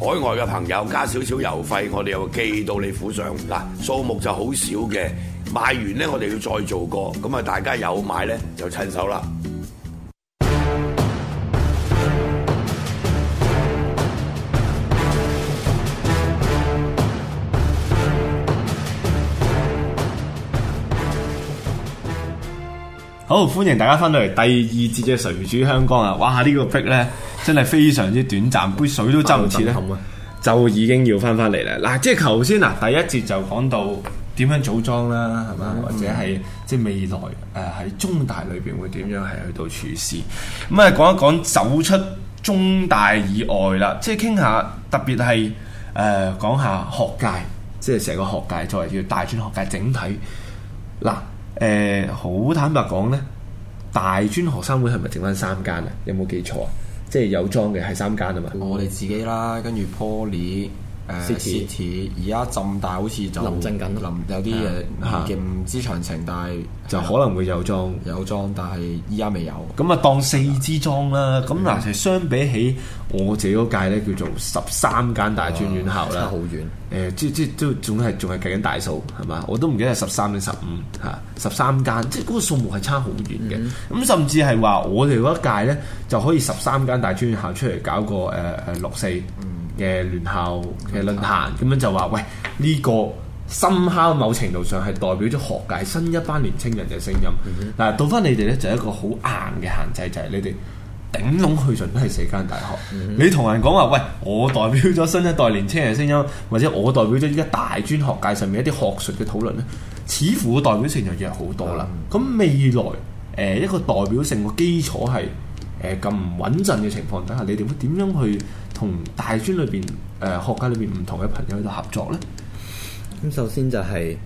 海外嘅朋友加少少郵費，我哋又寄到你府上嗱，數目就好少嘅，賣完咧我哋要再做過，咁啊大家有買咧就趁手啦。歡迎大家翻到嚟第二節嘅誰主香江啊！哇，這個、呢個逼咧真係非常之短暫， 杯水都斟唔切咧， 就已經要翻翻嚟啦。嗱，即係頭先嗱，第一節就講到點樣組裝啦，係嘛？嗯、或者係即係未來誒喺、呃、中大裏邊會點樣係去到處事咁啊？講、嗯嗯、一講走出中大以外啦，即係傾下特別係誒、呃、講下學界，即係成個學界作為叫大專學界整體。嗱，誒、呃，好坦白講咧。呢大專學生會係咪剩翻三間啊？有冇記錯啊？即係有裝嘅係三間啊嘛。 嗯、我哋自己啦，跟住 Poly。誒而家浸大好似就臨正緊，臨有啲嘢唔知詳情，但係就可能會有裝有裝，但係依家未有。咁啊，當四支裝啦。咁嗱，其實相比起我哋嗰屆咧，叫做十三間大專院校啦，好遠。誒，即即即總係仲係計緊大數係嘛？我都唔記得係十三定十五嚇，十三間即嗰個數目係差好遠嘅。咁甚至係話我哋嗰一屆咧，就可以十三間大專院校出嚟搞個誒誒六四。嘅聯校嘅論壇咁樣就話：喂，呢、這個深刻某程度上係代表咗學界新一班年青人嘅聲音。嗱、嗯哼，到翻你哋呢，就係、是、一個好硬嘅限制，就係、是、你哋頂籠去盡都係四間大學。嗯、哼你同人講話：喂，我代表咗新一代年青人嘅聲音，或者我代表咗依家大專學界上面一啲學術嘅討論呢，似乎嘅代表性就弱好多啦。咁、嗯、哼未來誒、呃、一個代表性嘅基礎係？咁唔、呃、穩陣嘅情況底下，你哋會點樣去同大專裏邊誒學界裏邊唔同嘅朋友喺度合作呢？咁首先就係、是、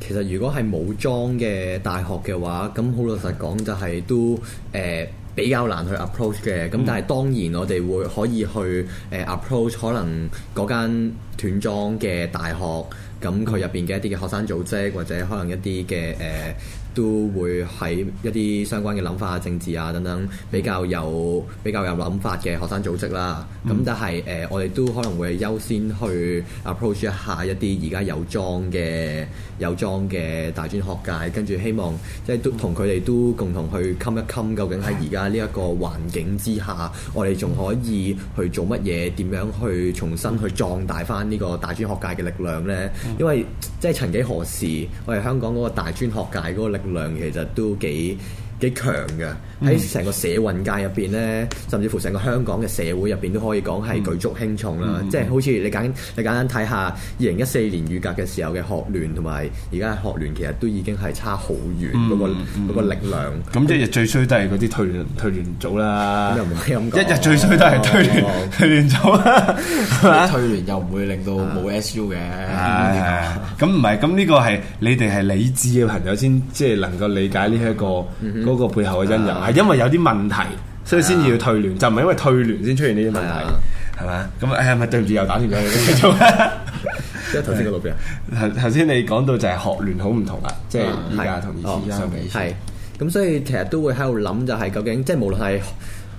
其實如果係冇莊嘅大學嘅話，咁好老實講就係都誒、呃、比較難去 approach 嘅。咁但係當然我哋會可以去誒 approach 可能嗰間斷莊嘅大學，咁佢入邊嘅一啲嘅學生組織或者可能一啲嘅誒。呃都會喺一啲相關嘅諗法、政治啊等等比較有比較有諗法嘅學生組織啦。咁都係誒我哋都可能會優先去 approach 一下一啲而家有裝嘅有裝嘅大專學界，跟住希望即係都同佢哋都共同去襟一襟，究竟喺而家呢一個環境之下，我哋仲可以去做乜嘢？點樣去重新去壯大翻呢個大專學界嘅力量咧？嗯、因為即係曾幾何時我哋香港個大專學界個力。力量其實都幾幾強嘅。喺成個社運界入邊咧，甚至乎成個香港嘅社會入邊都可以講係舉足輕重啦。即係好似你簡你簡單睇下，二零一四年雨革嘅時候嘅學聯同埋而家學聯，其實都已經係差好遠嗰個嗰個力量。咁一日最衰都係嗰啲退退聯組啦。咁又唔可以咁講。一日最衰都係退聯退聯組。退聯又唔會令到冇 SU 嘅。咁唔係，咁呢個係你哋係理智嘅朋友先，即係能夠理解呢一個嗰個背後嘅因人。係因為有啲問題，所以先至要退聯，Yeah. 就唔係因為退聯先出現呢啲問題，係咪啊？咁啊，Yeah. 哎呀，唔對唔住，又打斷咗 你，繼續是。頭先嗰度邊啊？頭頭先你講到就係學聯好唔同啦，即係而家同以前，哦、相比前。係咁，所以其實都會喺度諗，就係究竟即係無論係誒。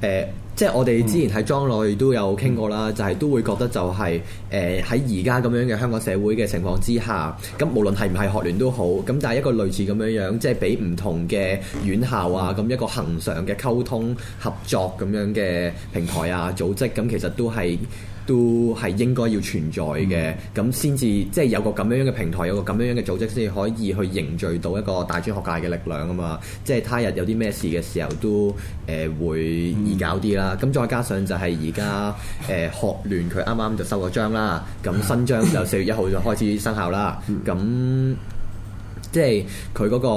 呃即係我哋之前喺莊內都有傾過啦，就係都會覺得就係誒喺而家咁樣嘅香港社會嘅情況之下，咁無論係唔係學聯都好，咁但係一個類似咁樣樣，即係俾唔同嘅院校啊，咁一個恒常嘅溝通合作咁樣嘅平台啊，組織咁其實都係，都係應該要存在嘅，咁先至即係有個咁樣嘅平台，有個咁樣嘅組織，先至可以去凝聚到一個大專學界嘅力量啊嘛！即係他日有啲咩事嘅時候都誒、呃、會易搞啲啦。咁再加上就係而家誒學聯佢啱啱就收咗章啦，咁新章就四月一號就開始生效啦，咁。 即係佢嗰個，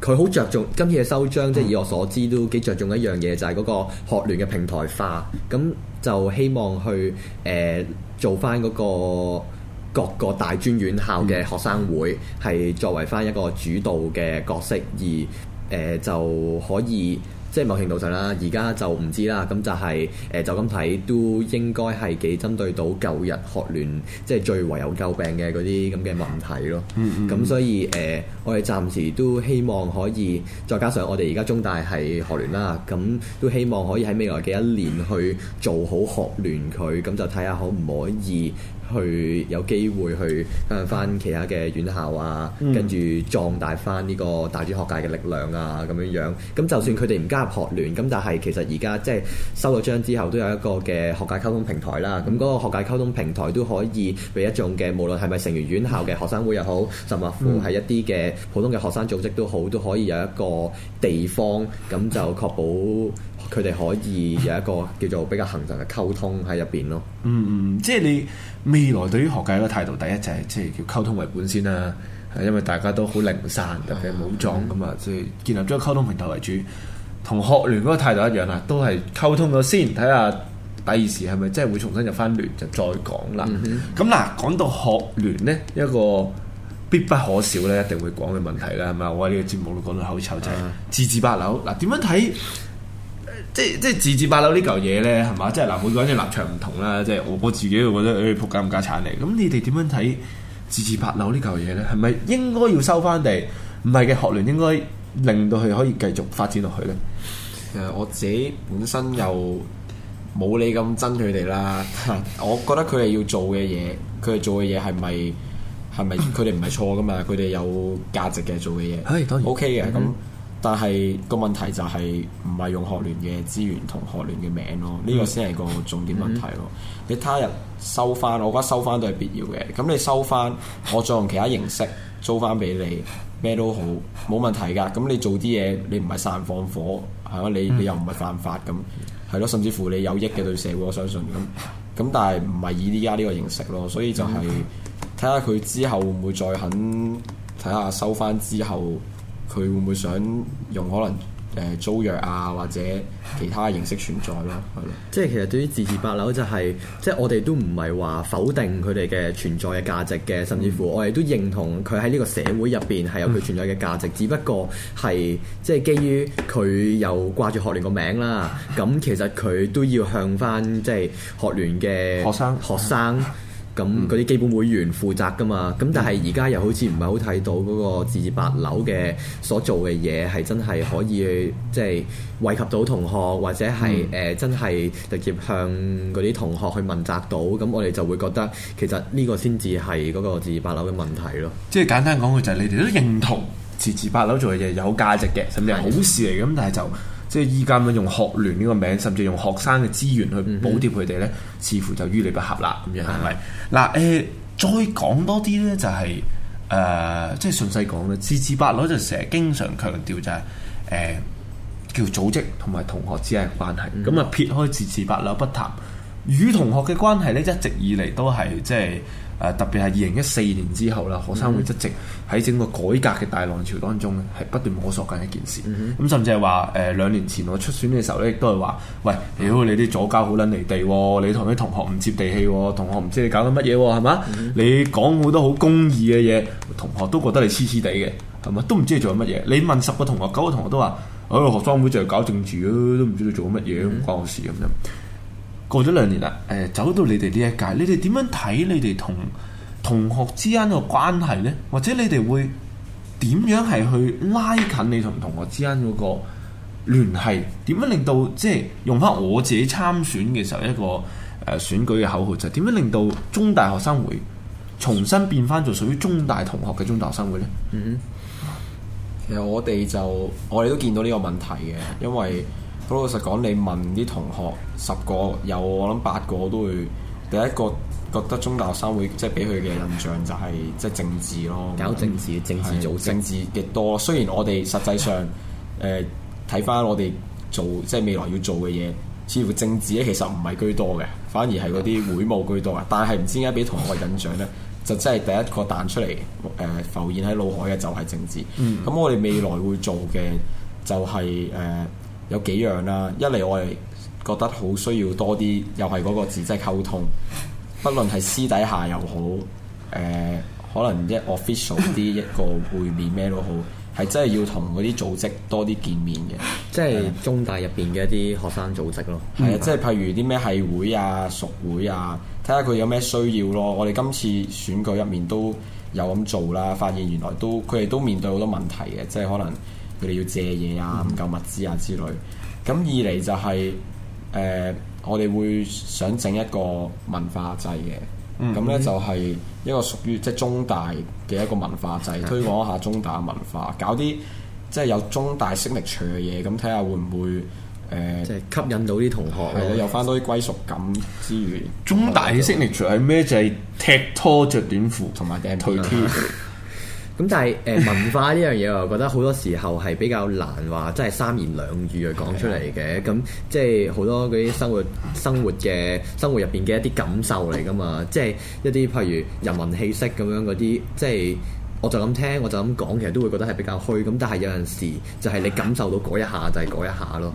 佢好着重今次嘅收莊，即係以我所知都幾着重一樣嘢，就係、是、嗰個學聯嘅平台化。咁就希望去誒、呃、做翻嗰個各個大專院校嘅學生會，係、嗯、作為翻一個主導嘅角色而。誒、呃、就可以，即係某程度上啦。而家就唔知啦。咁就係、是、誒、呃，就咁睇都應該係幾針對到舊日學聯即係、就是、最為有詬病嘅嗰啲咁嘅問題咯。咁 所以誒、呃，我哋暫時都希望可以，再加上我哋而家中大係學聯啦。咁都希望可以喺未來嘅一年去做好學聯佢，咁就睇下可唔可以。去有機會去加翻其他嘅院校啊，嗯、跟住壯大翻呢個大專學界嘅力量啊，咁樣樣。咁就算佢哋唔加入學聯，咁但係其實而家即係收咗章之後，都有一個嘅學界溝通平台啦。咁嗰、嗯、個學界溝通平台都可以俾一種嘅，無論係咪成員院校嘅、嗯、學生會又好，甚至乎係一啲嘅普通嘅學生組織都好，都可以有一個地方，咁就確保佢哋可以有一個叫做比較恆常嘅溝通喺入邊咯。嗯嗯，即係你。未來對於學界嘅態度，第一就係即係叫溝通為本先啦，因為大家都好零散，特別冇莊咁啊，所以建立咗溝通平台為主。同學聯嗰個態度一樣啦，都係溝通咗先，睇下第二時係咪真係會重新入翻聯就再講啦。咁嗱、嗯哼，講到學聯呢，一個必不可少咧，一定會講嘅問題啦，係咪？我喺呢個節目度講到口臭就係字字八樓嗱，點樣睇？即係即自治八樓呢嚿嘢咧，係嘛？即係嗱，每個人嘅立場唔同啦。即係我我自己就覺得，誒撲街唔加產嚟。咁 你哋點樣睇自治八樓呢嚿嘢咧？係咪應該要收翻地？唔係嘅，學聯應該令到佢可以繼續發展落去咧。誒、呃，我自己本身又冇你咁憎佢哋啦。我覺得佢哋要做嘅嘢，佢哋做嘅嘢係咪係咪佢哋唔係錯噶嘛？佢哋、嗯、有價值嘅做嘅嘢，係、嗯、當然 OK 嘅咁。但係個問題就係唔係用學聯嘅資源同學聯嘅名咯，呢、mm hmm. 個先係個重點問題咯。Mm hmm. 你他日收翻，我覺得收翻都係必要嘅。咁你收翻，我再用其他形式租翻俾你，咩都好冇問題㗎。咁你做啲嘢，你唔係散放火係嘛？你你又唔係犯法咁，係咯？甚至乎你有益嘅對社會，我相信咁。咁但係唔係以依家呢個形式咯，所以就係睇下佢之後會唔會再肯睇下收翻之後。佢會唔會想用可能誒租約啊，或者其他嘅形式存在咯？係咯。即係其實對於自治八樓就係、是，即、就、係、是、我哋都唔係話否定佢哋嘅存在嘅價值嘅，甚至乎我哋都認同佢喺呢個社會入邊係有佢存在嘅價值，嗯、只不過係即係基於佢有掛住學聯個名啦，咁其實佢都要向返即係學聯嘅學生學生。學生咁嗰啲基本會員負責噶嘛，咁、嗯、但係而家又好似唔係好睇到嗰個自治八樓嘅所做嘅嘢係真係可以，嗯、即係惠及到同學或者係誒、嗯呃、真係直接向嗰啲同學去問責到，咁我哋就會覺得其實呢個先至係嗰個自治八樓嘅問題咯。即係簡單講，佢就係、是、你哋都認同自治八樓做嘅嘢有價值嘅，甚至係好事嚟咁，但係就。即係依家咪用學聯呢個名，甚至用學生嘅資源去補貼佢哋呢，嗯、哼似乎就於理不合啦，咁樣係咪？嗱誒的、呃，再講多啲呢、就是，就係誒，即係順勢講啦。自治八樓就成日經常強調就係、是、誒、呃，叫組織同埋同學之間嘅關係。咁啊、嗯哼，撇開自治八樓不談，與同學嘅關係呢，一直以嚟都係即係。誒特別係二零一四年之後啦，學生會積極喺整個改革嘅大浪潮當中咧，係不斷摸索緊一件事。咁、嗯、哼甚至係話誒兩年前我出選嘅時候咧，亦都係話：喂，屌你啲左膠好撚離地喎！你同啲同學唔接地氣喎，同學唔知你搞緊乜嘢喎，係嘛？嗯、哼你講好多好公義嘅嘢，同學都覺得你黐黐地嘅，係嘛？都唔知你做緊乜嘢。你問十個同學九個同學都話：誒、哎、學生會就係搞政治咯，都唔知你做緊乜嘢，唔、嗯、哼關我事咁樣。過咗兩年啦，誒走到你哋呢一屆，你哋點樣睇你哋同同學之間嘅關係呢？或者你哋會點樣係去拉近你同同學之間嗰個聯繫？點樣令到即係用翻我自己參選嘅時候一個誒、呃、選舉嘅口號，就係、是、點樣令到中大學生會重新變翻做屬於中大同學嘅中大學生會呢？嗯，其實我哋就我哋都見到呢個問題嘅，因為。好老實講，你問啲同學十個有，我諗八個都會第一個覺得中大學生會即係俾佢嘅印象就係即係政治咯，搞政治、政治組織、政治嘅多。雖然我哋實際上誒睇翻我哋做即係未來要做嘅嘢，似乎政治咧其實唔係居多嘅，反而係嗰啲會務居多啊。但係唔知點解俾同學嘅印象咧， 就真係第一個彈出嚟誒、呃、浮現喺腦海嘅就係政治。咁、嗯、我哋未來會做嘅就係、是、誒。呃有幾樣啦、啊，一嚟我哋覺得好需要多啲，又係嗰個字即係、就是、溝通，不論係私底下又好，誒、呃、可能一 official 啲一個會面咩 都好，係真係要同嗰啲組織多啲見面嘅，即係中大入邊嘅一啲學生組織咯。係啊，即係譬如啲咩系會啊、熟會啊，睇下佢有咩需要咯。我哋今次選舉入面都有咁做啦，發現原來都佢哋都面對好多問題嘅，即係可能。佢哋要借嘢啊，唔夠物資啊之類。咁二嚟就係、是、誒、呃，我哋會想整一個文化祭嘅。咁咧、嗯嗯、就係一個屬於即係中大嘅一個文化祭， 推廣一下中大文化，搞啲即係有中大識力場嘅嘢，咁睇下會唔會誒，即、呃、係吸引到啲同學，或者有翻多啲歸屬感之餘。中大嘅識力場係咩？就係踢拖着短褲同埋嘅拖 T。 咁但係誒、呃、文化呢樣嘢，我覺得好多時候係比較難話，即係三言兩語去講出嚟嘅。咁 即係好多嗰啲生活、生活嘅生活入邊嘅一啲感受嚟㗎嘛。即係一啲譬如人文氣息咁樣嗰啲，即係。我就咁聽，我就咁講，其實都會覺得係比較虛。咁但係有陣時，就係你感受到嗰一下就係嗰一下咯。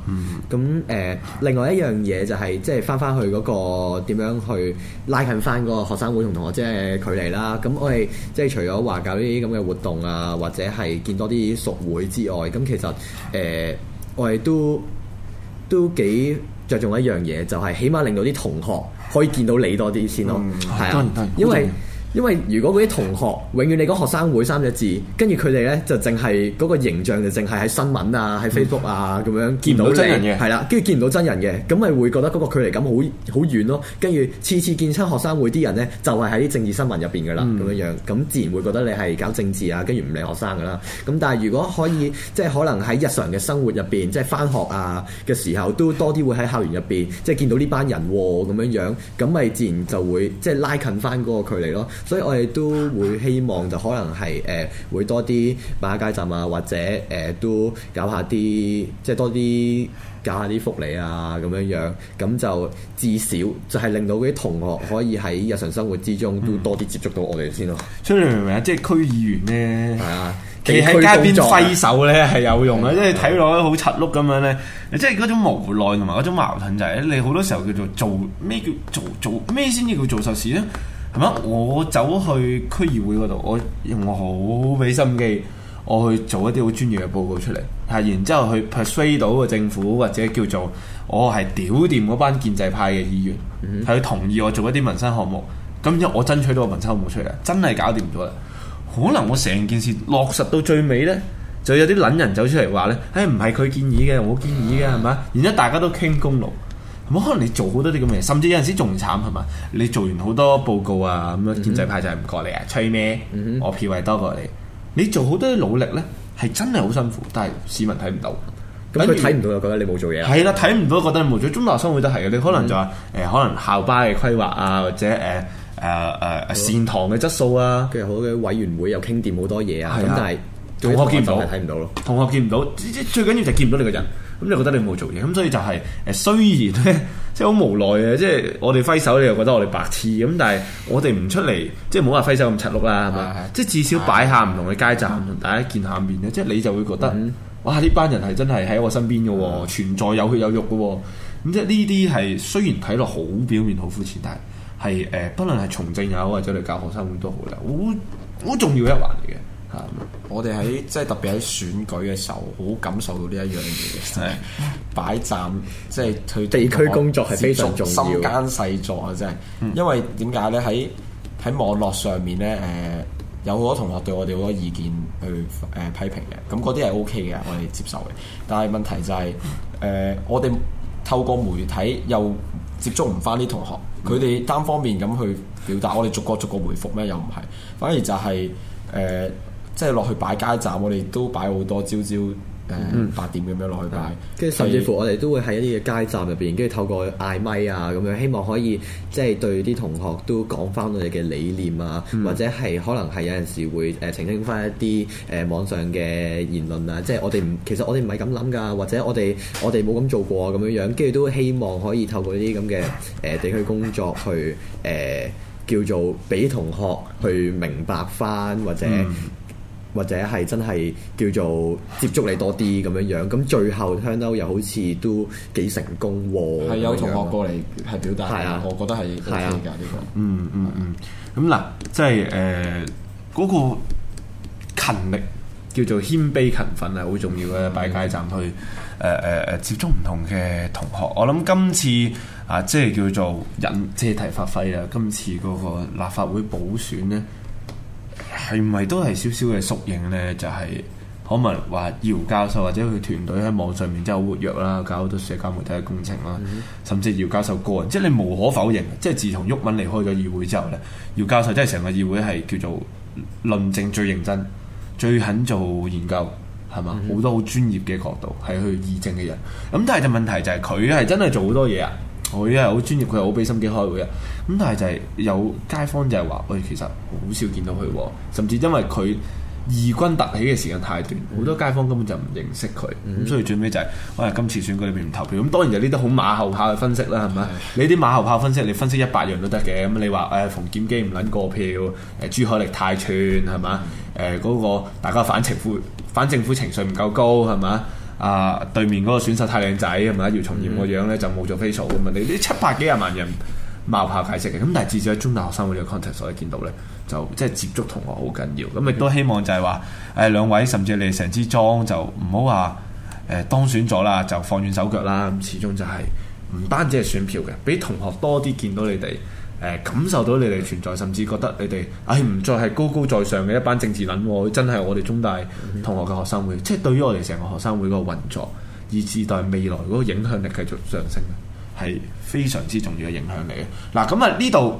咁誒、嗯呃，另外一樣嘢就係、是、即係翻翻去嗰、那個點樣去拉近翻個學生會同同學即係距離啦。咁我哋即係除咗話搞呢啲咁嘅活動啊，或者係見多啲熟會之外，咁其實誒、呃、我哋都都幾着重一樣嘢，就係、是、起碼令到啲同學可以見到你多啲先咯。係、嗯、啊，因為。因為如果嗰啲同學永遠你講學生會三隻字，跟住佢哋咧就淨係嗰個形象就淨係喺新聞啊、喺 Facebook 啊咁、嗯、樣見到真人嘅，係啦，跟住見唔到真人嘅，咁咪會覺得嗰個距離感好好遠咯。跟住次次見親學生會啲人咧，就係、是、喺政治新聞入邊噶啦，咁樣、嗯、樣，咁自然會覺得你係搞政治啊，跟住唔理學生噶啦。咁但係如果可以即係可能喺日常嘅生活入邊，即係翻學啊嘅時候都多啲會喺校園入邊即係見到呢班人喎，咁樣樣，咁咪自然就會即係拉近翻嗰個距離咯。所以我哋都會希望就可能係誒、呃、會多啲擺下街站啊，或者誒、呃、都搞下啲即係多啲加下啲福利啊咁樣樣，咁就至少就係令到嗰啲同學可以喺日常生活之中都多啲接觸到我哋先咯。所以你明唔明啊？即係區議員咧，其實喺、啊啊、街邊揮手咧係有用嘅，啊啊、即係睇落好柒碌咁樣咧。啊啊、即係嗰種無奈同埋嗰種矛盾就係咧，你好多時候叫做做咩叫做做咩先至叫做叫做，叫做，叫做，做，叫做，做事咧。係我走去區議會嗰度，我我好俾心機，我去做一啲好專業嘅報告出嚟，係然之後去 persuade 到個政府或者叫做我係屌掂嗰班建制派嘅議員，係佢、嗯、哼同意我做一啲民生項目，咁而我爭取到個民生項目出嚟，真係搞掂咗啦。可能我成件事落實到最尾呢，就有啲撚人走出嚟話呢：哎「誒唔係佢建議嘅，我建議嘅係咪？」嗯、然之後大家都傾功勞。可能你做好多啲咁嘅嘢，甚至有陣時仲慘係嘛，你做完好多報告啊，咁樣建制派就係唔過嚟啊，吹咩？我票位多過你，你做好多啲努力咧，係真係好辛苦，但係市民睇唔到，咁佢睇唔到又覺得你冇做嘢啊。係啦，睇唔到覺得冇做，中大學生會都係嘅，你可能就話、是、誒，嗯、可能校巴嘅規劃啊，或者誒誒誒善堂嘅質素啊，跟住好嘅委員會又傾掂好多嘢是啊，咁但係。學同學見唔到，睇唔到咯。同學見唔到，最緊要就係見唔到你個人，咁 就覺得你冇做嘢。咁所以就係、是、誒，雖然咧，即係好無奈嘅，即係我哋揮手，你又覺得我哋白痴。咁但係我哋唔出嚟，即係冇話揮手咁柒碌啦，係咪哇？吧即係至少擺下唔同嘅街站同、啊、大家見下面咧，嗯、即係你就會覺得、嗯、哇！呢班人係真係喺我身邊嘅，存在有血有肉嘅。咁即係呢啲係雖然睇落好表面好膚淺，但係係誒，不論係從政又好，或者你教學生會都好啦，好好重要一環嚟嘅。Uh, 我哋喺即係特別喺選舉嘅時候，好感受到呢一樣嘢，係擺 站即係去地區工作係非常重要，深耕細作啊！真係，因為點解咧？喺喺網絡上面咧，誒、呃，有好多同學對我哋好多意見去誒批評嘅，咁嗰啲係 OK 嘅，我哋接受嘅。但係問題就係、是，誒、呃，我哋透過媒體又接觸唔返啲同學，佢哋、嗯、單方面咁去表達，我哋逐個逐個回覆咩？又唔係，反而就係、是、誒。呃即係落去擺街站，我哋都擺好多朝朝誒八、呃嗯、點咁樣落去擺，跟住、嗯、以甚至乎我哋都會喺一啲嘅街站入邊，跟住透過嗌咪啊咁樣，希望可以即係、就是、對啲同學都講翻我哋嘅理念啊，嗯、或者係可能係有陣時會誒澄清翻一啲誒網上嘅言論啊。即係我哋唔，其實我哋唔係咁諗㗎，或者我哋我哋冇咁做過咁、啊、樣樣，跟住都希望可以透過呢啲咁嘅誒地區工作去誒、呃、叫做俾同學去明白翻或者、嗯。或者係真係叫做接觸你多啲咁樣樣，咁最後香洲又好似都幾成功喎、啊。係有同學過嚟係表達，係啊，我覺得係幾好嘅呢個。嗯嗯嗯，咁、嗯、嗱、嗯，即係誒嗰個勤力叫做謙卑勤奮係好重要嘅，擺街站去誒誒誒接觸唔同嘅同學，我諗今次啊、呃、即係叫做引借題發揮啊，今次嗰個立法會補選咧係唔係都係少少嘅縮影呢？就係、是、可能話姚教授或者佢團隊喺網上面真係好活躍啦，搞好多社交媒體嘅工程啦，mm hmm. 甚至姚教授個人，即係你無可否認，即係自從郁文離開咗議會之後呢，姚教授真係成個議會係叫做論證最認真、最肯做研究，係嘛？好、mm hmm. 多好專業嘅角度係去議政嘅人。咁但係就問題就係佢係真係做好多嘢啊！佢係好專業，佢係好俾心機開會啊！咁但係就係有街坊就係話：喂、哎，其實好少見到佢喎，甚至因為佢異軍突起嘅時間太短，好多街坊根本就唔認識佢。咁、嗯、所以最尾就係、是：喂、哎，今次選舉你唔投票。咁當然就呢啲好馬後炮嘅分析啦，係咪？是你啲馬後炮分析，你分析一百樣都得嘅。咁、嗯、你話誒馮檢基唔撚過票，誒朱凱廸太串，係咪？誒嗰、嗯呃那個大家反情反政府情緒唔夠高，係咪？啊！對面嗰個選手太靚仔，同埋姚松炎個樣咧就冇做 facial 咁啊！你呢、嗯、七百幾廿萬人貌合解離嘅，咁但係至少喺中大學生會嗰啲 content，所以見到咧就即係接觸同學好緊要。咁亦都希望就係話誒兩位，甚至你成支裝就唔好話誒當選咗啦，就放軟手腳啦。咁始終就係唔單止係選票嘅，俾同學多啲見到你哋。感受到你哋存在，甚至覺得你哋，誒唔再係高高在上嘅一班政治撚，真係我哋中大同學嘅學生會，即係對於我哋成個學生會個運作，以至對未來嗰個影響力繼續上升，係非常之重要嘅影響嚟嘅。嗱、嗯，咁啊呢度，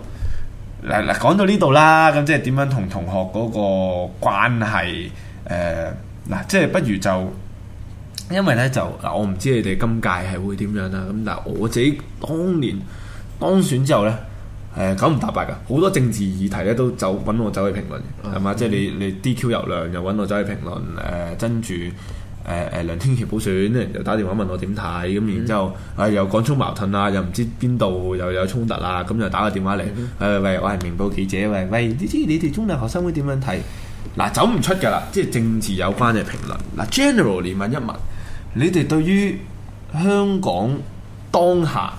嗱講到呢度啦，咁即係點樣同同學嗰個關係？嗱、呃，即係不如就，因為呢，就嗱，我唔知你哋今屆係會點樣啦。咁嗱，我自己當年當選之後呢。誒九唔搭八噶，好、呃、多政治議題咧都走揾我走去評論，係嘛、哦？吧即係你你 DQ 流量又揾我走去評論，誒跟住誒誒梁天琦補選又打電話問我點睇咁，嗯、然之後啊、哎、又港中矛盾啊，又唔知邊度又，又有衝突啊，咁又打個電話嚟誒、嗯哎、喂，我係明報記者喂喂，你知你哋中大學生會點樣睇嗱？走唔出㗎啦，即係政治有關嘅評論嗱。Generally 問一問你哋對於香港當下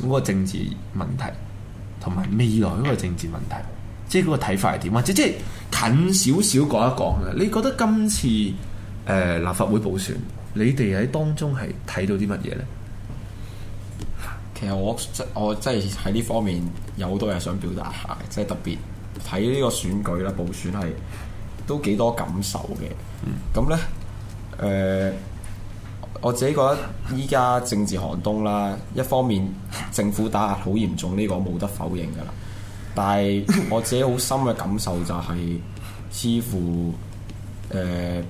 嗰個政治問題。同埋未來嗰個政治問題，即係嗰個睇法係點，或者即係近少少講一講咧。你覺得今次誒、呃、立法會補選，你哋喺當中係睇到啲乜嘢咧？其實我我真係喺呢方面有好多嘢想表達下，即係特別睇呢個選舉啦，補選係都幾多感受嘅。咁咧誒。呃我自己覺得依家政治寒冬啦，一方面政府打壓好嚴重，呢個冇得否認噶啦。但係我自己好深嘅感受就係，似乎誒、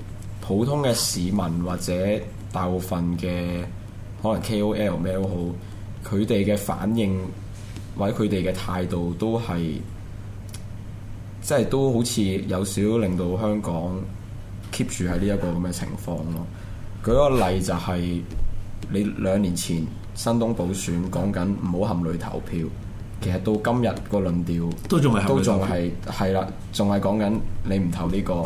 普通嘅市民或者大部分嘅可能 KOL 咩都好，佢哋嘅反應或者佢哋嘅態度都係，即係都好似有少少令到香港 keep 住喺呢一個咁嘅情況咯。舉個例就係、是、你兩年前新東補選講緊唔好含淚投票，其實到今日個論調都仲係，都仲係係啦，仲係講緊你唔投呢、這個，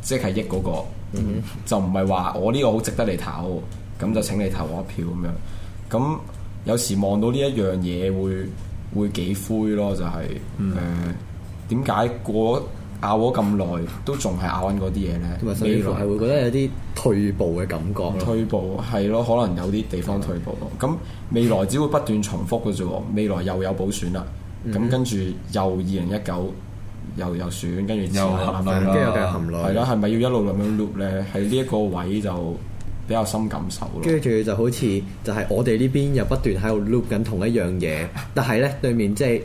即係益嗰、那個，mm hmm。就唔係話我呢個好值得你投，咁就請你投我一票咁樣。咁有時望到呢一樣嘢會會幾灰咯、就是，就係誒點解過？Hmm。呃咬咗咁耐，都仲係咬緊嗰啲嘢咧。幾乎係會覺得有啲退步嘅感覺。退步係咯，可能有啲地方退步。咁的未來只會不斷重複嘅啫喎。未來又有補選啦，咁跟住又二零一九，又有選，跟住又陷跟住又含落。係啦，係咪要一路咁樣 loop 咧？喺呢一個位就比較深感受咯。跟住就好似就係我哋呢邊又不斷喺度 loop 緊同一樣嘢， 但係咧對面即係。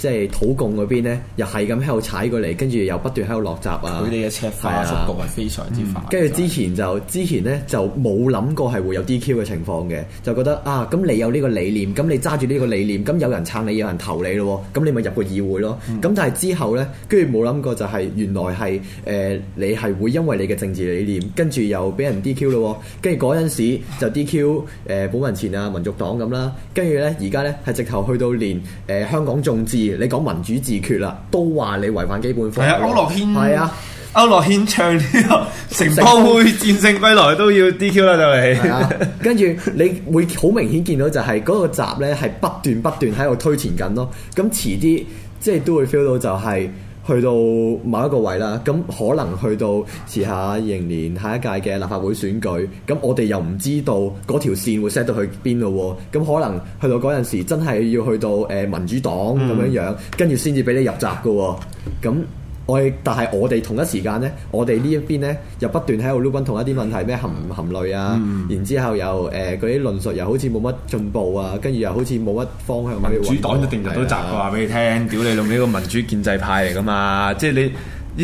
即係土共嗰邊咧，又係咁喺度踩過嚟，跟住又不斷喺度落閘啊！佢哋嘅車快，速度係非常之快。跟住之前就、就是、之前咧就冇諗過係會有 DQ 嘅情況嘅，就覺得啊，咁你有呢個理念，咁你揸住呢個理念，咁有人撐你，有人投你咯，咁你咪入個議會咯。咁、嗯、但係之後呢，跟住冇諗過就係原來係誒、呃、你係會因為你嘅政治理念，跟住又俾人 DQ 咯。跟住嗰陣時就 DQ 誒、呃、本民前啊、民族黨咁啦。跟住呢，而家呢係直頭去到連誒香港眾志。你講民主自決啦，都話你違反基本法。係啊，歐樂軒，係啊，歐樂軒唱呢、這個《城邦會戰勝歸來》都要 DQ 啦，就係、啊。 跟住你會好明顯見到就係嗰個集咧，係不斷不斷喺度推前緊咯。咁遲啲即係都會 feel 到就係、是。去到某一個位啦，咁可能去到遲下迎年下一屆嘅立法會選舉，咁我哋又唔知道嗰條線會 set 到去邊咯。咁可能去到嗰陣時，真係要去到誒民主黨咁樣、嗯、樣，跟住先至俾你入閘㗎。咁但我但係我哋同一時間呢，我哋呢一邊呢，又不斷喺度 looping 同一啲問題，咩含唔含淚啊？嗯、然之後又誒嗰啲論述又好似冇乜進步啊，跟住又好似冇乜方向可以、啊。民主黨一定人都集過話俾、啊、你聽，屌你老味、這個民主建制派嚟噶嘛？即係你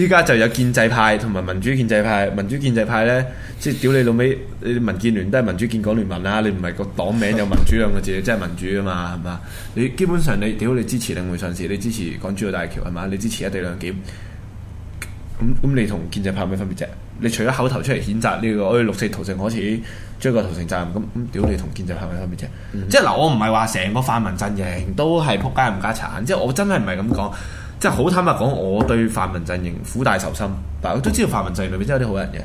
依家就有建制派同埋民主建制派，民主建制派呢，即係屌你老味，你民建聯都係民主建港聯盟啦。你唔係個黨名有民主兩個字， 即係民主噶嘛？係嘛？你基本上你屌你支持領匯上市，你支持港珠澳大橋係嘛？你支持一地兩檢。咁咁、嗯、你同建制派有咩分別啫？你除咗口頭出嚟譴責呢、呢個，我哋六四屠城開始追個屠城責任，咁咁屌你同建制派有咩分別啫？嗯、即係嗱，我唔係話成個泛民陣營都係撲街冚家鏟，即係我真係唔係咁講，即係好坦白講，我對泛民陣營苦大仇深，但我都知道泛民陣營裡面真係有啲好人嘅。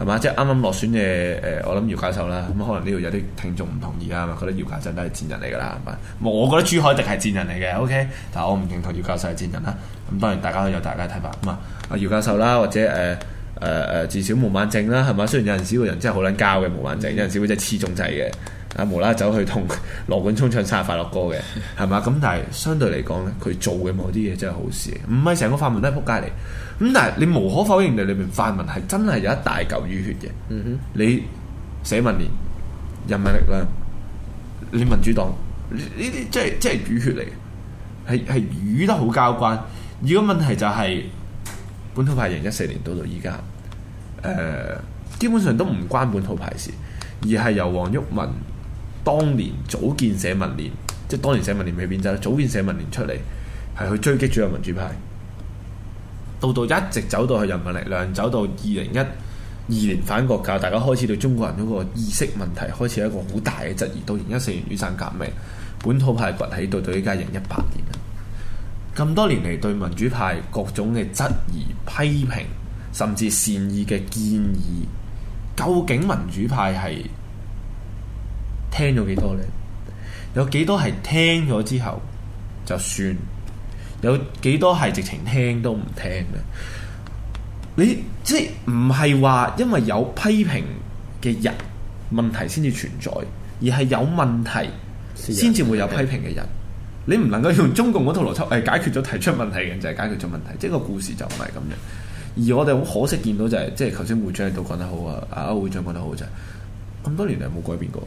係嘛？即係啱啱落選嘅誒、呃，我諗姚教授啦，咁、嗯、可能呢度有啲聽眾唔同意啊，係嘛？覺得姚教授都係賤人嚟㗎啦，係嘛？我覺得朱凱廸係賤人嚟嘅，OK，但係我唔認同姚教授係賤人啦。咁、嗯、當然大家有大家睇法，咁、嗯、啊，阿姚教授啦，或者誒誒誒至少毛孟靜啦，係嘛？雖然有陣時個人真係好撚交嘅毛孟靜，嗯、有陣時會真係黐中掣嘅。啊，無啦走去同羅冠聰唱《生日快樂歌》嘅，係嘛？咁但係相對嚟講咧，佢做嘅某啲嘢真係好事，唔係成個泛民都係撲街嚟。咁但係你無可否認嘅，裏面泛民係真係有一大嚿淤血嘅。嗯、哼，你社民連、人民力量、你民主黨呢啲，即係即係淤血嚟，係係淤得好交關。而個問題就係、是、本土派，二零一四年到到而家，誒、呃，基本上都唔關本土派事，而係由黃毓民，當年組建社民連，即係當年社民連未變質啦，組建社民連出嚟，係去追擊主要民主派，到到一直走到去人民力量，走到二零一二年反國教，大家開始對中國人嗰個意識問題開始一個好大嘅質疑。到二零一四年雨傘革命，本土派崛起，到到依家二零一八年。咁多年嚟對民主派各種嘅質疑、批評，甚至善意嘅建議，究竟民主派係？聽咗幾多呢？有幾多係聽咗之後就算？有幾多係直情聽都唔聽呢？你即係唔係話因為有批評嘅人問題先至存在，而係有問題先至會有批評嘅人？人，你唔能夠用中共嗰套邏輯誒，解決咗提出問題嘅人就係解決咗問題，即係個故事就唔係咁樣。而我哋好可惜見到就係、是，即係頭先會長都講得好啊，阿區會長講得好就係、是、咁多年嚟冇改變過。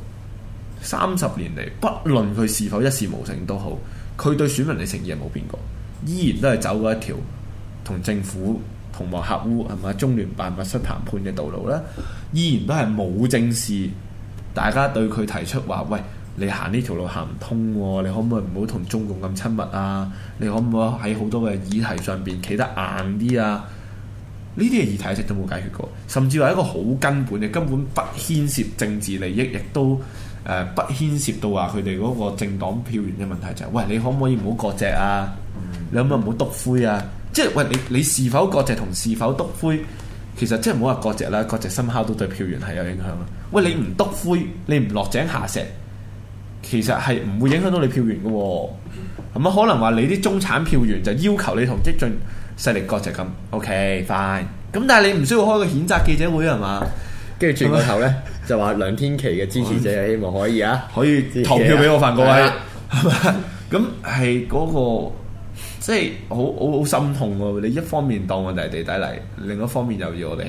三十年嚟，不論佢是否一事無成都好，佢對選民嘅誠意冇變過，依然都係走嗰一條同政府同流合污，係咪？中聯辦密室談判嘅道路咧，依然都係冇正視大家對佢提出話，喂，你行呢條路行唔通喎，哦，你可唔可以唔好同中共咁親密啊？你可唔可以喺好多嘅議題上邊企得硬啲啊？呢啲嘅議題一直都冇解決過，甚至話一個好根本嘅，根本不牽涉政治利益，亦都，誒、呃、不牽涉到話佢哋嗰個政黨票源嘅問題就係、是，喂，你可唔可以唔好割席啊？你可唔可以唔好篤灰啊？即係喂，你你是否割席同是否篤灰，其實即係唔好話割席啦，割席深烤都對票源係有影響啊！喂，你唔篤灰，你唔落井下石，其實係唔會影響到你票源嘅喎。咁、嗯、啊可能話你啲中產票源就要求你同激進勢力割席咁，OK fine。咁但係你唔需要開個譴責記者會係嘛？跟住轉個頭咧， 就話梁天琦嘅支持者 希望可以啊，可以投票俾我份各位。咁係嗰個，即係好好好心痛喎、啊！你一方面當我哋係地底嚟，另一方面又要我哋誒、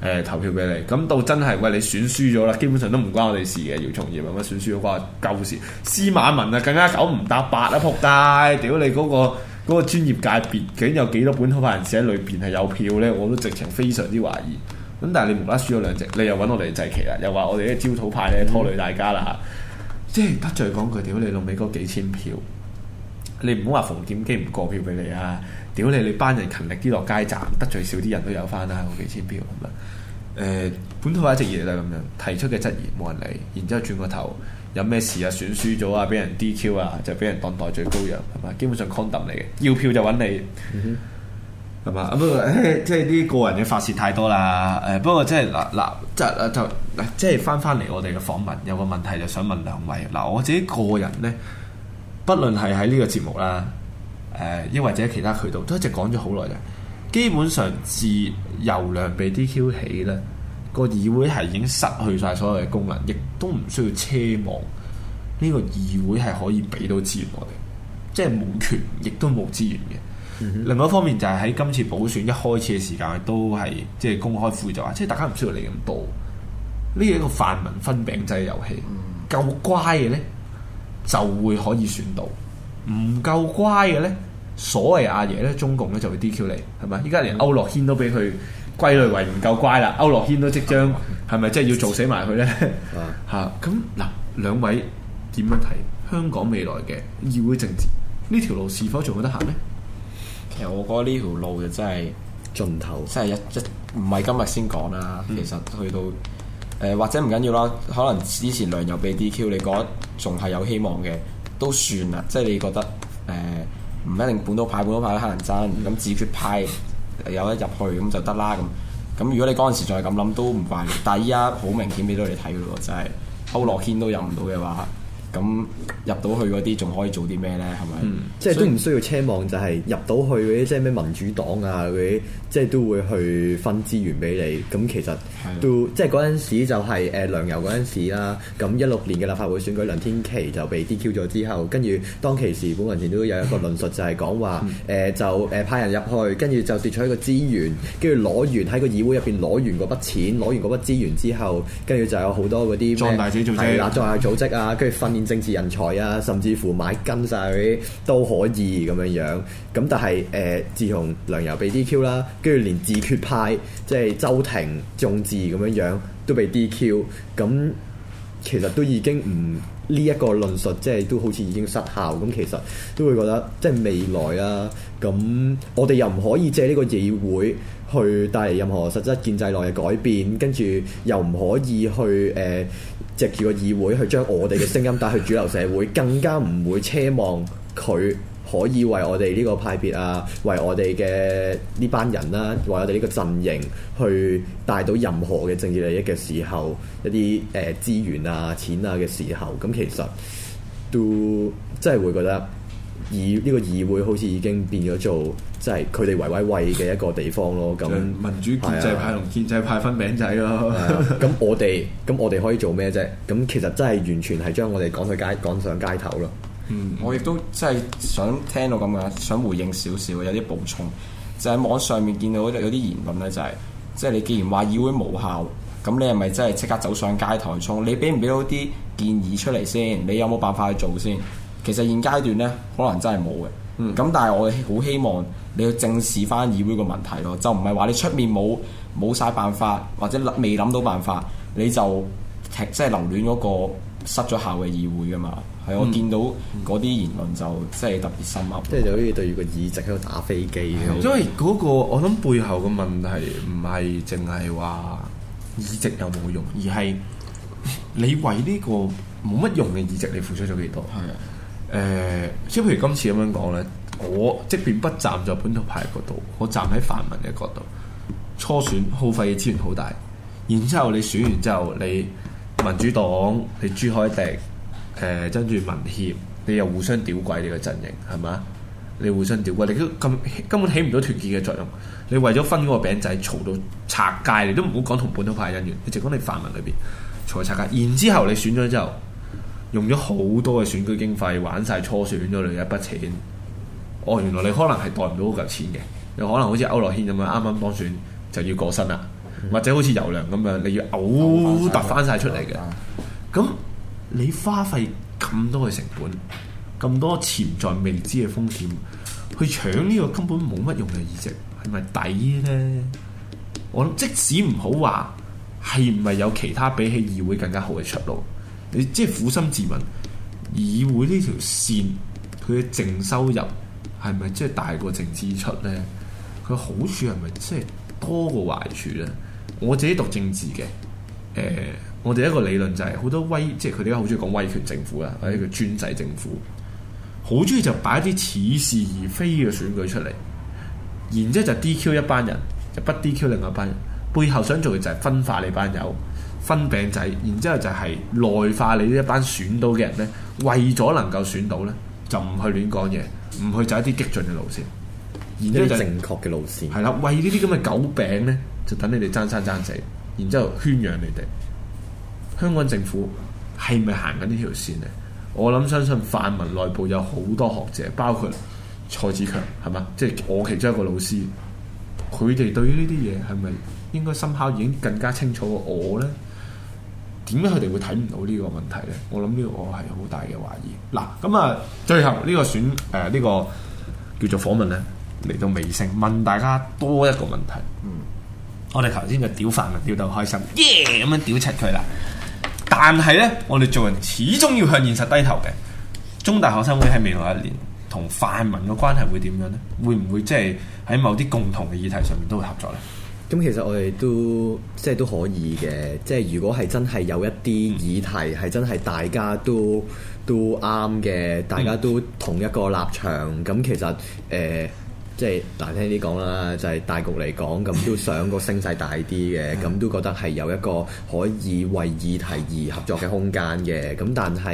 欸、投票俾你。咁到真係喂你選輸咗啦，基本上都唔關我哋事嘅。姚松炎冇乜選輸咗話，舊時司馬文啊更加九唔搭八啦，仆街！屌你嗰、那個嗰、那個專業界別，究竟有幾多本土份子喺裏邊係有票咧？我都直情非常之懷疑。咁但係你無啦啦輸咗兩隻，你又揾我哋祭旗啦，又話我哋啲焦土派咧拖累大家啦、嗯、即係得罪講句，屌你老味嗰幾千票？你唔好話馮檢基唔過票俾你啊！屌你，你班人勤力啲落街站，得罪少啲人都有翻啦，嗰幾千票咁樣、呃。本土派一直嚟啦咁樣，提出嘅質疑冇人理，然之後轉個頭有咩事啊？選輸咗啊，俾人 DQ 啊，就俾人當代罪羔羊係嘛？基本上 condom 你嘅，要票就揾你。嗯係嘛？不過即係啲個人嘅發洩太多啦。誒不過即係嗱嗱，就啊就即係翻翻嚟我哋嘅訪問，有個問題就想問兩位，嗱，我自己個人咧，不論係喺呢個節目啦，誒，抑或者其他渠道，都一直講咗好耐嘅。基本上自由量被 DQ 起咧，個議會係已經失去晒所有嘅功能，亦都唔需要奢望呢個議會係可以俾到資源我哋，即係冇權亦都冇資源嘅。另外一方面就係喺今次補選一開始嘅時間，都係即係公開呼籲就話，即係大家唔需要嚟咁多。呢個一個泛民分餅制嘅遊戲，夠乖嘅咧就會可以選到，唔夠乖嘅咧，所謂阿爺咧，中共咧就會 D Q 你係咪？依家連區諾軒都俾佢歸類為唔夠乖啦，區諾軒都即將係咪即係要做死埋佢咧吓？咁嗱， 兩位點樣睇香港未來嘅議會政治呢條路是否仲有得行咧？其實我覺得呢條路就真係盡頭，真係一一唔係今日先講啦。其實去到誒、嗯呃、或者唔緊要啦，可能之前梁游俾 DQ 你覺得仲係有希望嘅，都算啦。即係你覺得誒唔、呃、一定本土派本土派都乞人憎，咁、嗯、自決派有得入去咁就得啦。咁咁如果你嗰陣時仲咁諗都唔怪，但係依家好明顯俾到你睇嘅喎，就係歐樂軒都入唔到嘅話。嗯咁入到去嗰啲仲可以做啲咩咧？係咪、嗯？即係都唔需要奢望就，就係入到去嗰啲，即係咩民主黨啊嗰啲。即係都會去分資源俾你，咁其實都即係嗰陣時就係誒梁游嗰陣時啦。咁一六年嘅立法會選舉，梁天琦就被 DQ 咗之後，跟住當其時，本民前都有一個論述就係講話誒就誒、呃、派人入去，跟住就奪取一個資源，跟住攞完喺個議會入邊攞完嗰筆錢，攞完嗰筆資源之後，跟住就有好多嗰啲壯大係啦，壯大、嗯哎、組織啊，跟住訓練政治人才啊，甚至乎買跟晒嗰啲都可以咁樣樣。咁但係誒、呃，自從梁游被 DQ 啦。跟住連自決派，即係周庭、眾志咁樣樣都被 DQ，咁其實都已經唔呢一個論述，即係都好似已經失效。咁其實都會覺得即係未來啦、啊。咁我哋又唔可以借呢個議會去帶嚟任何實質建制內嘅改變，跟住又唔可以去誒、呃、藉住個議會去將我哋嘅聲音帶去主流社會，更加唔會奢望佢。可以為我哋呢個派別啊，為我哋嘅呢班人啦，為我哋呢個陣營去帶到任何嘅政治利益嘅時候 一，一啲誒資源啊、錢啊嘅時候，咁其實都真係會覺得議呢、呢個議會好似已經變咗做，即係佢哋唯維維嘅一個地方咯。咁民主建制派同建制派分餅仔咯。咁我哋咁、嗯、我哋可以做咩啫？咁、嗯、其實真係完全係將我哋趕去街，趕上街頭咯、啊。嗯，我亦都真係想聽到咁樣，想回應少少，有啲補充。就喺、是、網上面見到有啲言論咧、就是，就係即係你既然話議會無效，咁你係咪真係即刻走上街台衝？你俾唔俾到啲建議出嚟先？你有冇辦法去做先？其實現階段呢，可能真係冇嘅。嗯，咁但係我好希望你要正視翻議會個問題咯，就唔係話你出面冇冇曬辦法，或者未諗到辦法，你就即係、就是、留戀嗰、那個。失咗效嘅議會㗎嘛，係、嗯、我見到嗰啲言論就真係特別深刻、嗯，即係就好似對住個議席喺度打飛機嘅的。因為嗰個，我諗背後嘅問題唔係淨係話議席有冇用，而係你為呢個冇乜用嘅議席，你付出咗幾多？係誒的，即係、呃、譬如今次咁樣講咧，我即便不站在本土派嗰度，我站喺泛民嘅角度，初選耗費嘅資源好大，然之後你選完之後你。民主黨你朱凱廸，誒、呃、跟住民協，你又互相屌鬼你個陣營係嘛？你互相屌鬼，你都咁根本起唔到團結嘅作用。你為咗分嗰個餅仔，嘈到拆界，你都唔好講同本土派嘅恩怨，你直講你泛民裏邊嘈到拆界。然後之後你選咗之後，用咗好多嘅選舉經費，玩晒初選咗你嘅一筆錢。哦，原來你可能係袋唔到嗰嚿錢嘅，又可能好似區諾軒咁樣，啱啱當選就要過身啦。或者好似油糧咁樣，你要嘔突翻晒出嚟嘅。咁你花費咁多嘅成本，咁多潛在未知嘅風險，去搶呢個根本冇乜用嘅議席，係咪抵咧？我諗即使唔好話，係唔係有其他比起議會更加好嘅出路？你即係苦心自問，議會呢條線佢嘅淨收入係咪即係大過淨支出咧？佢好處係咪即係多過壞處咧？我自己讀政治嘅，誒、呃，我哋一個理論就係、是、好多威，即係佢哋而家好中意講威權政府啊，或者叫專制政府，好中意就擺一啲似是而非嘅選舉出嚟，然之後就 DQ 一班人，就不 DQ 另一班人，背後想做嘅就係分化你班友，分餅仔，然之後就係內化你呢一班選到嘅人呢，為咗能夠選到呢，就唔去亂講嘢，唔去走一啲激進嘅路線，而呢就正確嘅路線，係啦，為呢啲咁嘅狗餅呢。就等你哋爭生爭死，然之後圈養你哋。香港政府係咪行緊呢條線呢？我諗相信泛民內部有好多學者，包括蔡志強，係嘛？即係我其中一個老師。佢哋對於呢啲嘢係咪應該深刻已經更加清楚過我呢？點解佢哋會睇唔到呢個問題呢？我諗呢個我係好大嘅懷疑。嗱，嗯，咁啊，最後呢個選，誒，呃，呢個叫做訪問呢，嚟到尾聲，問大家多一個問題。嗯。我哋頭先嘅屌泛民屌到開心，耶、yeah! 咁樣屌柒佢啦！但係呢，我哋做人始終要向現實低頭嘅。中大學生會喺未來一年同泛民嘅關係會點樣呢？會唔會即係喺某啲共同嘅議題上面都會合作呢？咁其實我哋都即係都可以嘅，即係如果係真係有一啲議題係真係大家都、嗯、都啱嘅，大家都同一個立場，咁、嗯、其實誒。呃即係難聽啲講啦，就係、是、大局嚟講，咁都想個聲勢大啲嘅，咁 都覺得係有一個可以為議題而合作嘅空間嘅，咁但係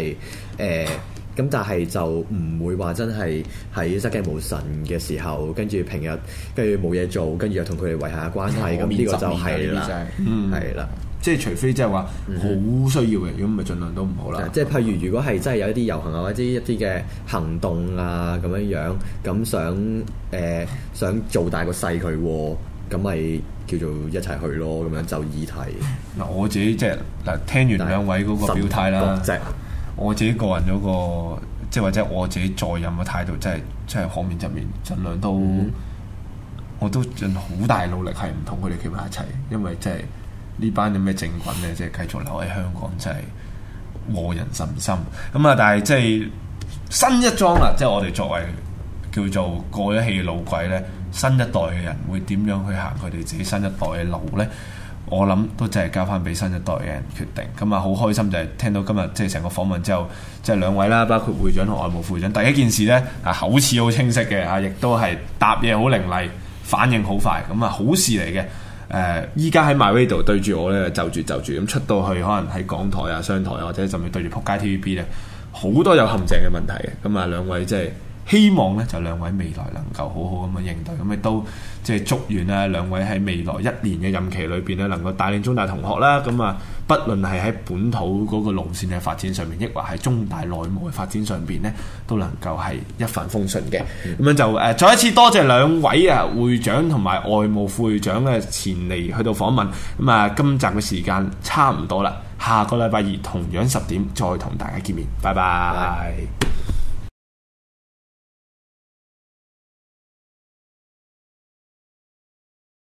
誒，咁、呃、但係就唔會話真係喺失驚無神嘅時候，跟住平日跟住冇嘢做，跟住又同佢哋維下關係，咁呢 個就係、是、啦，係啦、 嗯。即係除非即係話好需要嘅，嗯、哼如，如果唔係，儘量都唔好啦。即係譬如，如果係真係有一啲遊行啊，嗯、哼或者一啲嘅行動啊，咁樣樣咁想誒、呃、想做大個細佢，咁咪叫做一齊去咯，咁樣就議題。嗱，我自己即係嗱，聽完兩位嗰個表態啦，即係、就是、我自己個人嗰、那個，即係或者我自己在任嘅態度，真係真係可免則免，儘量都、嗯、哼我都盡好大努力，係唔同佢哋企埋一齊，因為即係。班有呢班咁咩政棍咧，即係繼續留喺香港，真係冇人心心咁啊！但係即係新一莊啦，即係我哋作為叫做過一氣嘅老鬼咧，新一代嘅人會點樣去行佢哋自己新一代嘅路咧？我諗都真係交翻俾新一代嘅人決定。咁、嗯、啊，好開心就係、是、聽到今日即係成個訪問之後，即係兩位啦，包括會長同外務副長。第一件事咧啊，口齒好清晰嘅啊，亦都係答嘢好伶俐，反應好快，咁、嗯、啊，好事嚟嘅。誒，依家喺 MyRadio 對住我咧，就住就住，咁出到去可能喺港台啊、商台啊，或者甚至對住仆街 TVB 咧，好多有陷阱嘅問題嘅，咁啊，兩位即係。希望咧就兩位未來能夠好好咁樣應對，咁亦都即係祝願啊兩位喺未來一年嘅任期裏邊咧，能夠帶領中大同學啦，咁啊，不論係喺本土嗰個路線嘅發展上面，亦或係中大內務嘅發展上邊咧，都能夠係一帆風順嘅。咁樣就誒，再一次多謝兩位啊會長同埋外務副會長嘅前嚟去到訪問。咁啊，今集嘅時間差唔多啦，下個禮拜二同樣十點再同大家見面，拜拜。拜拜。